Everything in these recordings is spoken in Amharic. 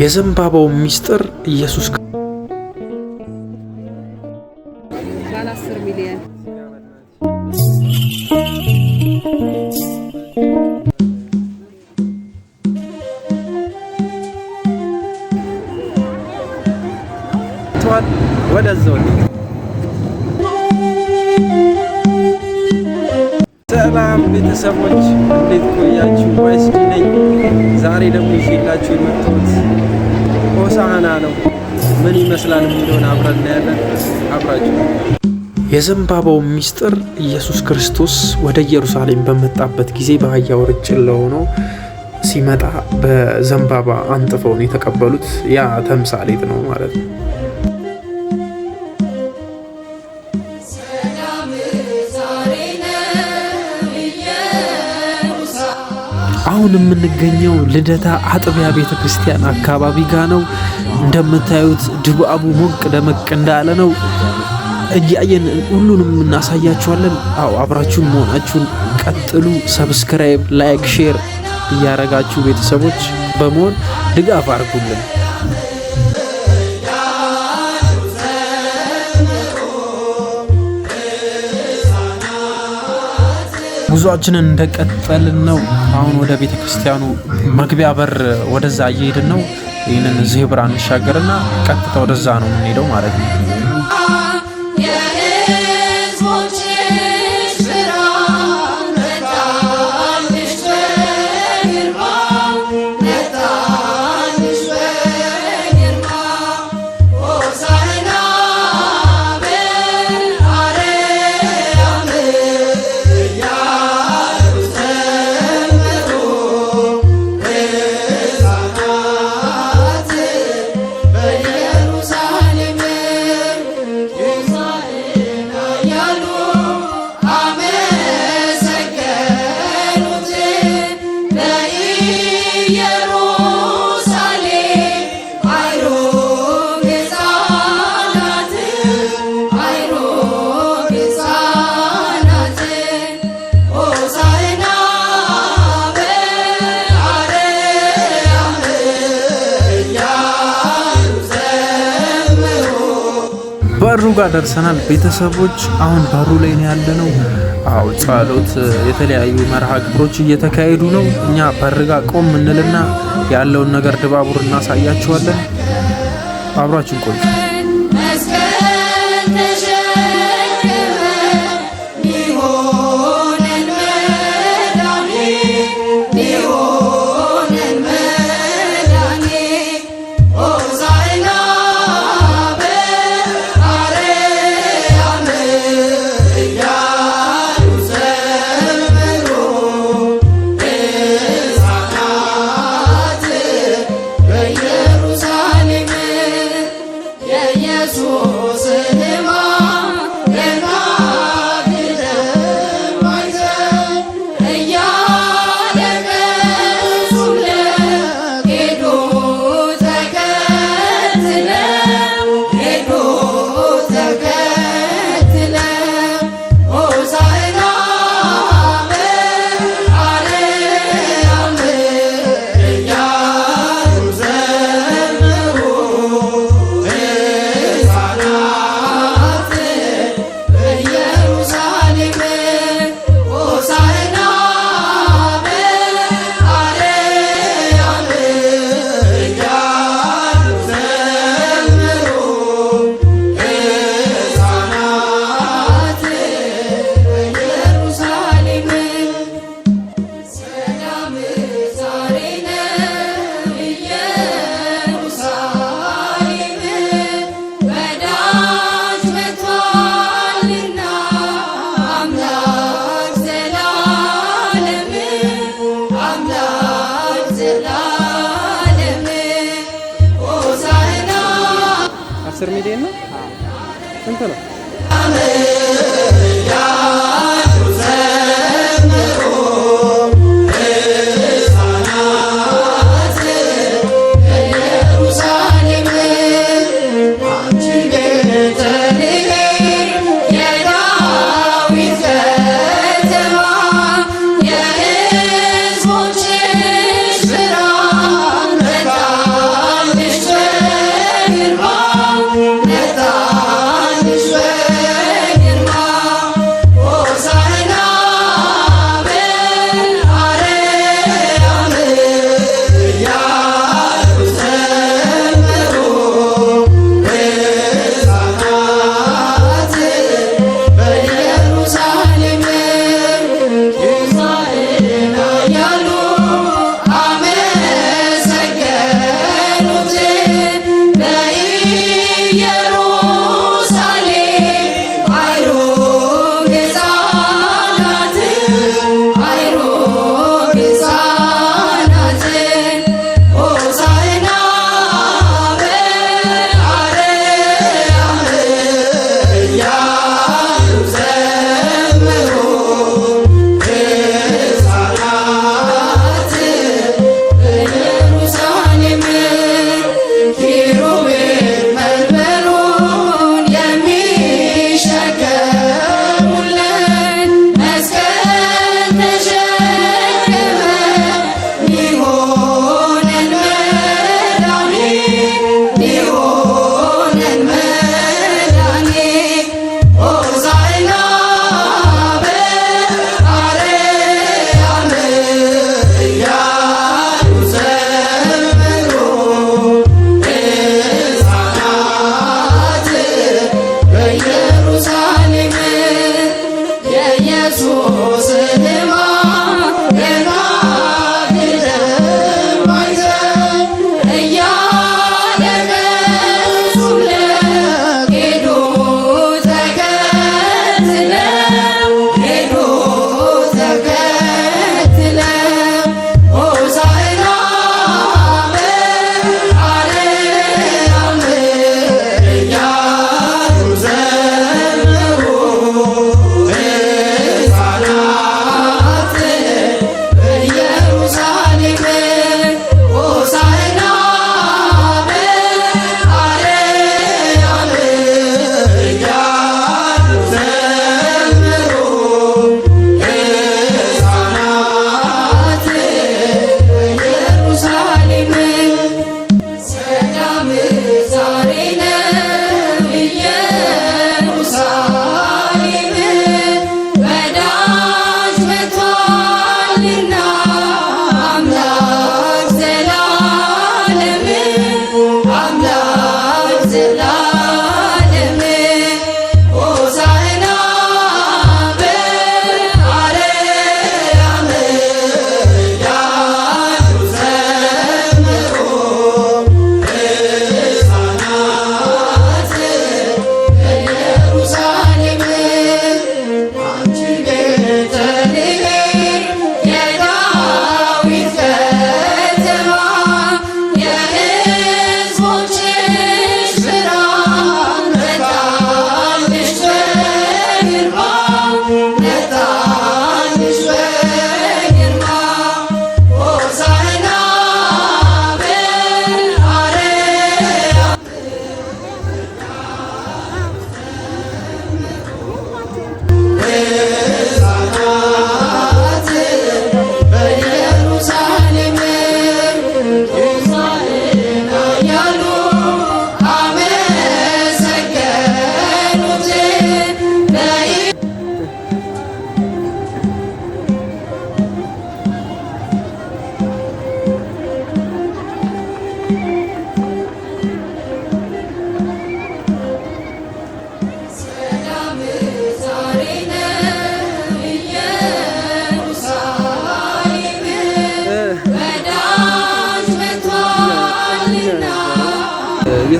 የዘንባባው ምስጢር ኢየሱስ ቤተሰቦች እንዴት ቆያችሁ? ዋይስዲ ነኝ። ዛሬ ደግሞ ይዤላችሁ የመጣሁት ሆሳዕና ነው። ምን ይመስላል የሚለውን አብረን እናያለን። አብራችሁ የዘንባባው ምስጢር ኢየሱስ ክርስቶስ ወደ ኢየሩሳሌም በመጣበት ጊዜ በአህያ ውርንጭላ ሲመጣ በዘንባባ አንጥፈውን የተቀበሉት ያ ተምሳሌት ነው ማለት ነው። አሁን የምንገኘው ልደታ አጥቢያ ቤተ ክርስቲያን አካባቢ ጋ ነው። እንደምታዩት ድባቡ ሞቅ ደመቅ እንዳለ ነው። እያየን ሁሉንም እናሳያችኋለን። አዎ አብራችሁን መሆናችሁን ቀጥሉ። ሰብስክራይብ፣ ላይክ፣ ሼር እያረጋችሁ ቤተሰቦች በመሆን ድጋፍ አድርጉልን። ጉዟችንን እንደቀጠልን ነው። አሁን ወደ ቤተ ክርስቲያኑ መግቢያ በር ወደዛ እየሄድን ነው። ይህንን ዜብራ እንሻገርና ቀጥታ ወደዛ ነው የምንሄደው ማለት ነው። ባሩ ጋር ደርሰናል ቤተሰቦች። አሁን ባሩ ላይ ነው ያለነው። አዎ ጸሎት፣ የተለያዩ መርሃ ግብሮች እየተካሄዱ ነው። እኛ በር ጋ ቆም እንልና ያለውን ነገር ድባቡር እናሳያችኋለን። አብራችን ቆዩ።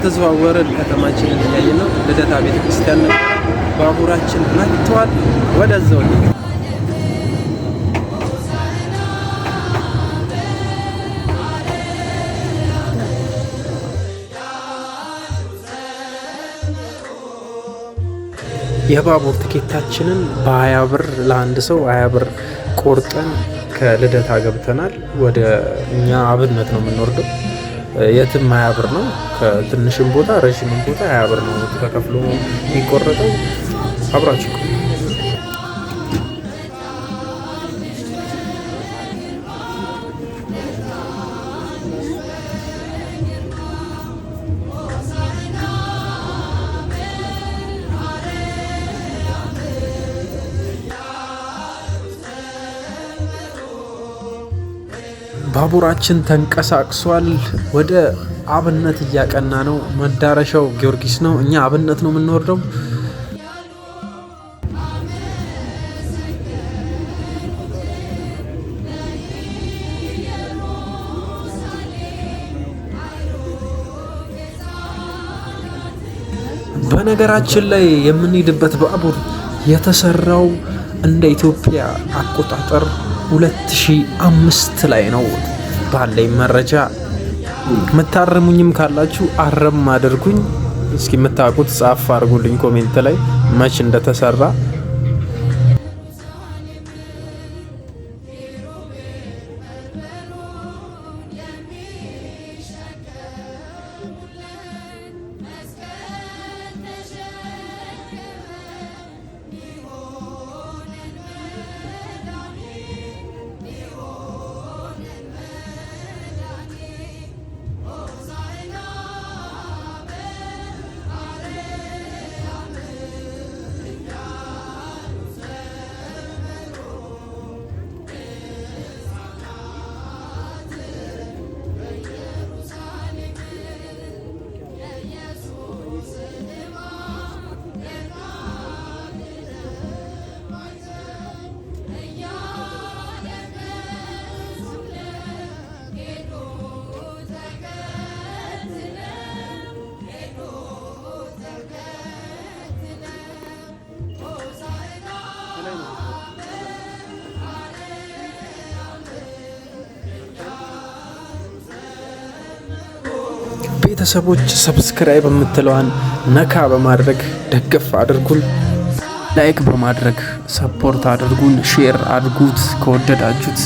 እየተዘዋወረን ከተማችንን እያየን ነው። ልደታ ክርስቲያን ነው። ባቡራችን መጥቷል። ወደዛው የባቡር ትኬታችንን በሀያ ብር ለአንድ ሰው ሀያ ብር ቆርጠን ከልደታ ገብተናል። ወደ እኛ አብነት ነው የምንወርደው የትም አያብር ነው። ከትንሽም ቦታ ረዥምም ቦታ ያብር ነው ተከፍሎ የሚቆረጠው። አብራችሁ ባቡራችን ተንቀሳቅሷል። ወደ አብነት እያቀና ነው። መዳረሻው ጊዮርጊስ ነው። እኛ አብነት ነው የምንወርደው። በነገራችን ላይ የምንሄድበት ባቡር የተሰራው እንደ ኢትዮጵያ አቆጣጠር 2005 ላይ ነው ባለኝ መረጃ። ምታርሙኝም ካላችሁ አረም አድርጉኝ እስኪ፣ የምታውቁት ጻፍ አድርጉልኝ ኮሜንት ላይ መች እንደተሰራ ቤተሰቦች ሰብስክራይብ የምትለዋን ነካ በማድረግ ደገፍ አድርጉን፣ ላይክ በማድረግ ሰፖርት አድርጉን፣ ሼር አድርጉት ከወደዳችሁት።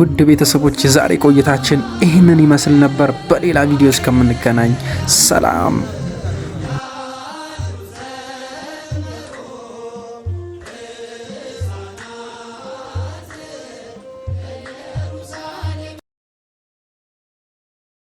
ውድ ቤተሰቦች የዛሬ ቆይታችን ይህንን ይመስል ነበር። በሌላ ቪዲዮ እስከምንገናኝ ሰላም።